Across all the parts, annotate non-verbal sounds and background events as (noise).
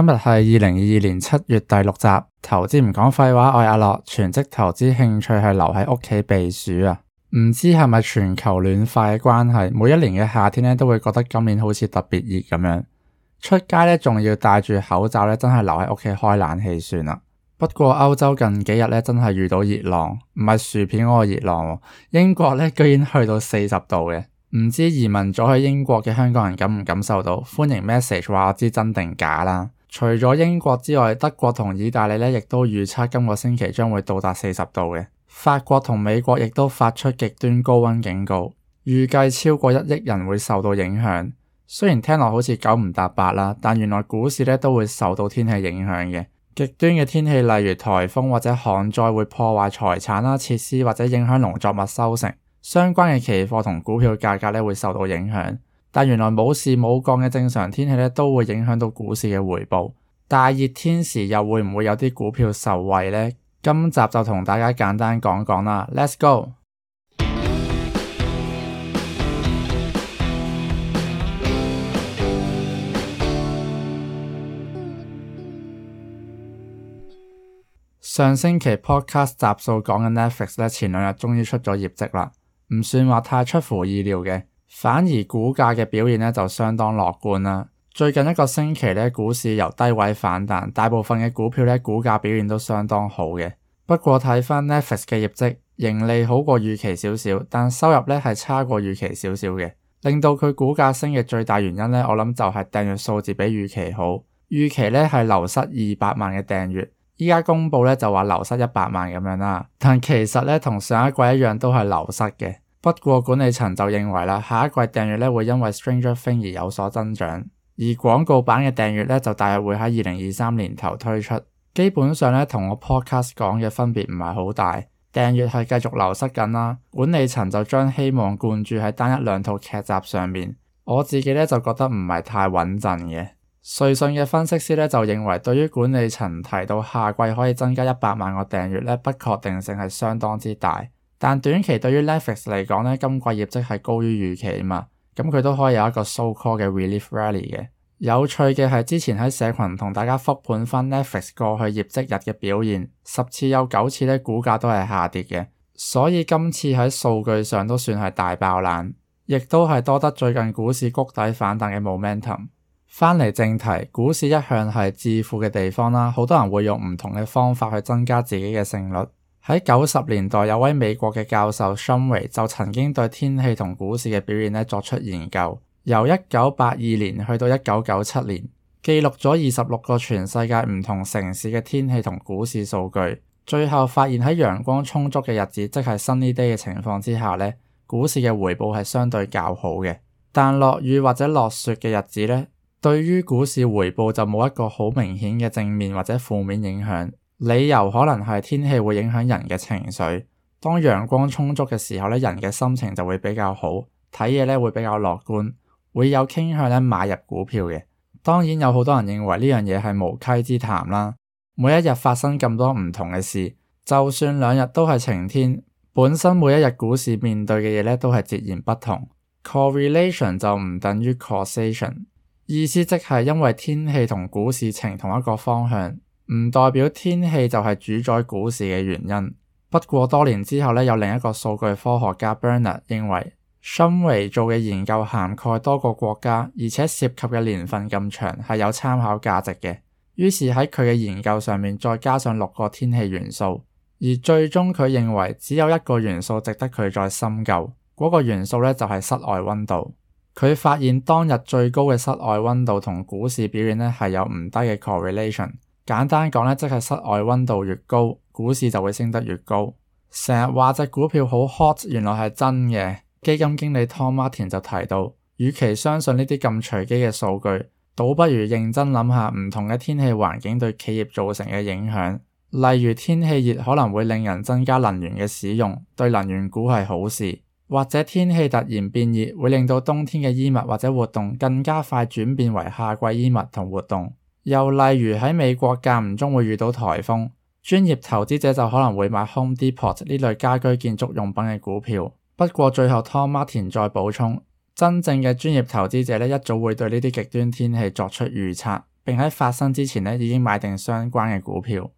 今日係二零二二年七月第六集。投資唔講廢話，我係阿樂，全職投資，興趣係留喺屋企避暑啊。唔知係咪全球暖化嘅關係，每一年嘅夏天咧都會覺得今年好似特別熱咁樣。出街咧仲要戴住口罩咧，真係留喺屋企開冷氣算啦。不過歐洲近幾日咧真係遇到熱浪，唔係薯片嗰個熱浪，啊，英國咧居然去到四十度嘅，唔知移民咗去英國嘅香港人感唔感受到？歡迎 message 話我知真定假啦。除咗英國之外，德國同意大利呢，亦都預測今個星期將會到達四十度嘅。法國同美國亦都發出極端高溫警告，預計超過一億人會受到影響。雖然聽落好似九唔搭八啦，但原來股市呢都會受到天氣影響嘅。極端嘅天氣，例如台風或者旱災，會破壞財產啦、設施或者影響農作物收成，相關嘅期貨同股票價格呢會受到影響。但原來冇事冇降嘅正常天氣都會影響到股市嘅回報。大熱天時又會唔會有啲股票受惠呢？今集就同大家簡單講講啦。Let's go！ (music) 上星期 podcast 集數講緊 Netflix，前兩日終於出咗業績啦，唔算話太出乎意料嘅。反而股價嘅表現呢，就相當樂觀啦。最近一個星期呢，股市由低位反彈，大部分嘅股票呢，股價表現都相當好嘅。不過睇返 Netflix 嘅業績，盈利好過預期少少，但收入呢，係差過預期少少嘅。令到佢股價升嘅最大原因呢，我諗就係訂閱數字比預期好。預期呢，係流失二百萬嘅訂閱，依家公布呢，就話流失一百萬咁樣啦。但其實呢，同上一季一樣都係流失嘅。不過管理層就認為啦，下一季訂閱呢，會因為《Stranger Things》而有所增長，而廣告版嘅訂閱呢就大約會喺二零二三年頭推出。基本上呢，同我 Podcast 講嘅分別唔係好大，訂閱係繼續流失緊啦。管理層就將希望灌注喺單一兩套劇集上面。我自己呢就覺得唔係太穩陣嘅。瑞信嘅分析師呢就認為，對於管理層提到下季可以增加一百萬個訂閱呢，不確定性係相當之大。但短期對於 Netflix 嚟講呢，今季業績係高於預期嘛，咁佢都可以有一個 so call 嘅 relief rally 嘅。有趣嘅係之前喺社群同大家覆盤翻 Netflix 過去業績日嘅表現，十次有九次呢股價都係下跌嘅，所以今次喺數據上都算係大爆冷，亦都係多得最近股市谷底反彈嘅 momentum。返嚟正題，股市一向係致富嘅地方啦，好多人會用唔同嘅方法去增加自己嘅勝率。喺九十年代，有位美國嘅教授 Shumway 就曾經對天氣同股市嘅表現咧作出研究，由一九八二年去到一九九七年，記錄咗二十六個全世界唔同城市嘅天氣同股市數據，最後發現喺陽光充足嘅日子，即係 sunny day 嘅情況之下咧，股市嘅回報係相對較好嘅，但落雨或者落雪嘅日子咧，對於股市回報就冇一個好明顯嘅正面或者負面影響。理由可能係天氣會影響人嘅情緒，當陽光充足嘅時候咧，人嘅心情就會比較好，睇嘢咧會比較樂觀，會有傾向咧買入股票嘅。當然有好多人認為呢樣嘢係無稽之談啦。每一日發生咁多唔同嘅事，就算兩日都係晴天，本身每一日股市面對嘅嘢咧都係截然不同。Correlation 就唔等於 causation，意思即係因為天氣同股市呈同一個方向。唔代表天氣就係主宰股市嘅原因。不過多年之後呢，有另一個數據科學家 Bernard 認為，新為、um、做嘅研究涵蓋多個國家，而且涉及嘅年份咁長，係有參考價值嘅。於是喺佢嘅研究上面再加上六個天氣元素，而最終佢認為只有一個元素值得佢再深究，嗰、那個元素呢，就係、是、室外溫度。佢發現當日最高嘅室外溫度同股市表現呢，係有唔低嘅 correlation。簡單講呢，即係室外溫度越高，股市就會升得越高。成日話隻股票好 hot，原來係真嘅。基金經理 Tom Martin 就提到，與其相信呢啲咁隨機嘅數據，倒不如認真諗下唔同嘅天氣環境對企業造成嘅影響。例如天氣熱可能會令人增加能源嘅使用，對能源股係好事；或者天氣突然變熱，會令到冬天嘅衣物或者活動更加快轉變為夏季衣物同活動。又例如喺美國間唔中會遇到颱風，專業投資者就可能會買 Home Depot 呢類家居建築用品嘅股票。不過最後 Tom Martin 再補充，真正嘅專業投資者一早會對呢啲極端天氣作出預測，並喺發生之前咧已經買定相關嘅股票。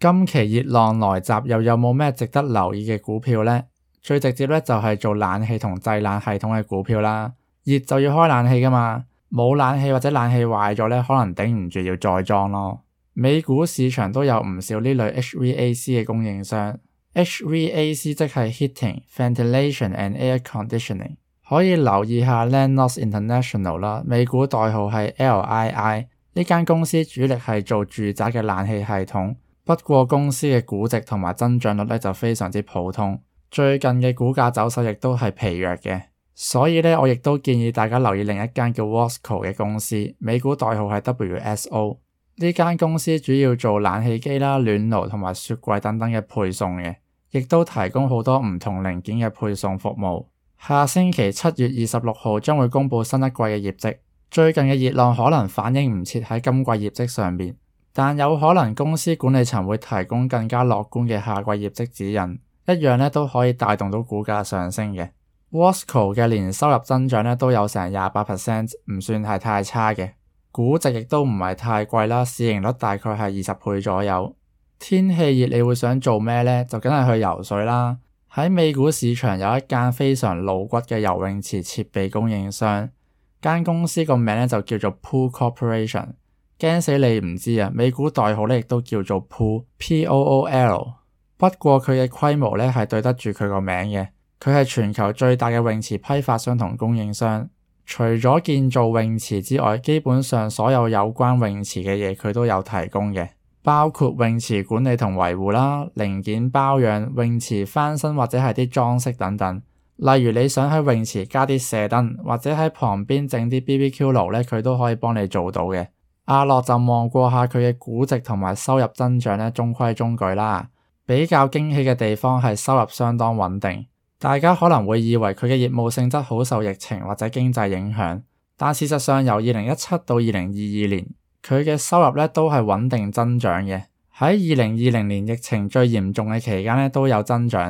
今期熱浪來襲，又有冇咩值得留意嘅股票呢？最直接咧就係做冷氣同製冷系統嘅股票啦，熱就要開冷氣㗎嘛。冇冷氣或者冷氣壞咗呢，可能頂唔住要再裝咯。美股市場都有唔少呢類 H V A C 嘅供應商，H V A C 即係 Heating, Ventilation and Air Conditioning，可以留意下 Lennox International 啦，美股代號係 L I I，呢間公司主力係做住宅嘅冷氣系統，不過公司嘅估值同埋增長率呢就非常之普通，最近嘅股價走勢亦都係疲弱嘅。所以呢，我亦都建議大家留意另一間叫 Watsco 嘅公司，美股代號係 WSO。呢間公司主要做冷氣機啦、暖爐同埋雪櫃等等嘅配送嘅，亦都提供好多唔同零件嘅配送服務。下星期七月二十六號將會公布新一季嘅業績。最近嘅熱浪可能反映唔切喺今季業績上面，但有可能公司管理層會提供更加樂觀嘅下季業績指引，一樣呢都可以帶動到股價上升嘅。Wasco 嘅年收入增長呢都有成廿八 percent，唔算係太差嘅，估值亦都唔係太貴啦，市盈率大概係二十倍左右。天氣熱你會想做咩呢？就梗係去游水啦。喺美股市場有一間非常老骨嘅游泳池設備供應商，間公司個名呢就叫做 Pool Corporation，驚死你唔知啊！美股代號呢亦都叫做 Pool P O O L，不過佢嘅規模呢係對得住佢個名嘅。佢係全球最大嘅泳池批發商同供應商。除咗建造泳池之外，基本上所有有關泳池嘅嘢，佢都有提供嘅，包括泳池管理同維護啦、零件包養、泳池翻新，或者係啲裝飾等等。例如你想喺泳池加啲射燈，或者喺旁邊整啲 BBQ 爐呢，佢都可以幫你做到嘅。阿樂就望過下佢嘅估值同埋收入增長呢，中規中矩啦。比較驚喜嘅地方係收入相當穩定。大家可能會以為佢嘅業務性質好受疫情或者經濟影響，但事實上由二零一七到二零二二年，佢嘅收入咧都係穩定增長嘅。喺二零二零年疫情最嚴重嘅期間咧都有增長，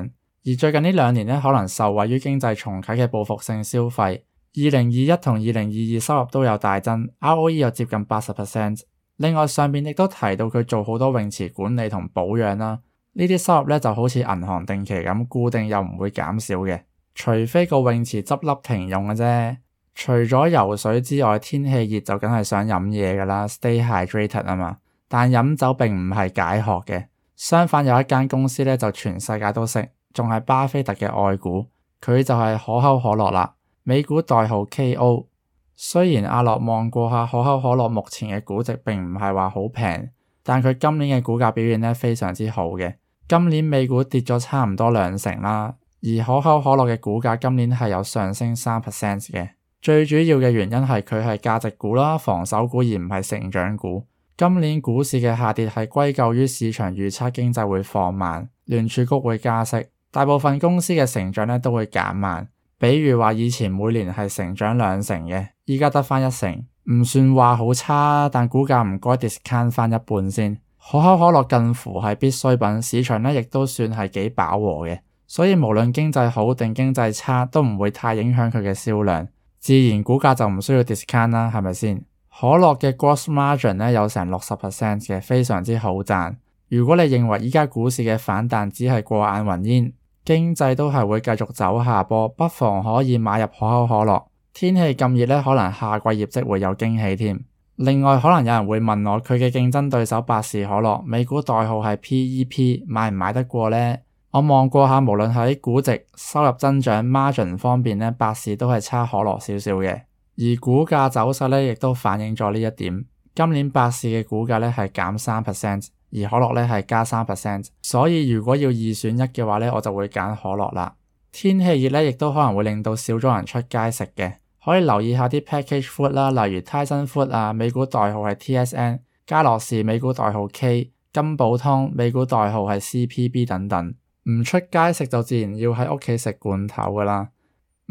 而最近呢兩年咧可能受惠於經濟重啟嘅報復性消費，二零二一同二零二二收入都有大增，ROE 又接近八十 percent。另外上面亦都提到佢做好多泳池管理同保養啦。呢啲收入咧就好似銀行定期咁固定，又唔會減少嘅，除非個泳池執笠停用嘅啫。除咗游水之外，天氣熱就梗係想飲嘢㗎啦，Stay hydrated 啊嘛。但飲酒並唔係解渴嘅，相反有一間公司咧就全世界都識，仲係巴菲特嘅愛股，佢就係可口可樂啦，美股代號 KO。雖然阿樂望過下可口可樂目前嘅估值並唔係話好平，但佢今年嘅股價表現咧非常之好嘅。今年美股跌咗差唔多兩成啦，而可口可樂嘅股價今年係有上升三 percent 嘅。最主要嘅原因係佢係價值股啦，防守股而唔係成長股。今年股市嘅下跌係歸咎於市場預測經濟會放慢，聯儲局會加息，大部分公司嘅成長呢都會減慢。比如話以前每年係成長兩成嘅，依家得翻一成，唔算話好差，但股價唔該 discount 翻一半先。可口可樂近乎係必需品，市場呢亦都算係幾飽和嘅，所以無論經濟好定經濟差都唔會太影響佢嘅銷量，自然股價就唔需要 discount 啦，係咪先？可樂嘅 gross margin 呢有成六十 percent 嘅，非常之好賺。如果你認為依家股市嘅反彈只係過眼雲煙，經濟都係會繼續走下坡，不妨可以買入可口可樂。天氣咁熱呢，可能下季業績會有驚喜添。另外，可能有人會問我，佢嘅競爭對手百事可樂，美股代號係 PEP，買唔買得過呢？我望過下，無論喺估值、收入增長、margin 方面咧，百事都係差可樂少少嘅。而股價走勢呢，亦都反映咗呢一點。今年百事嘅股價呢係減三 percent，而可樂呢係加三 percent。所以如果要二選一嘅話呢，我就會揀可樂啦。天氣熱呢，亦都可能會令到少咗人出街食嘅。可以留意下啲 package food 啦，例如 Tyson food 啊，美股代號係 TSN；家樂氏美股代號 K；金寶通美股代號係 CPB 等等。唔出街食就自然要喺屋企食罐頭噶啦。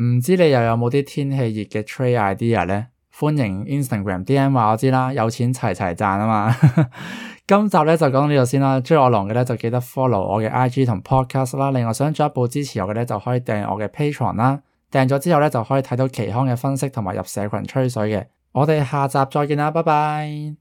唔知你又有冇啲天氣熱嘅 trade idea 咧？歡迎 Instagram DM 話我知啦，有錢齊齊賺啊嘛。 (laughs) 今集咧就講到呢度先啦。追我龍嘅咧就記得 follow 我嘅 IG 同 podcast 啦。另外想進一步支持我嘅咧就可以訂我嘅 patreon 啦。訂咗之後咧，就可以睇到奇康嘅分析同埋入社群吹水嘅。我哋下集再見啦，拜拜。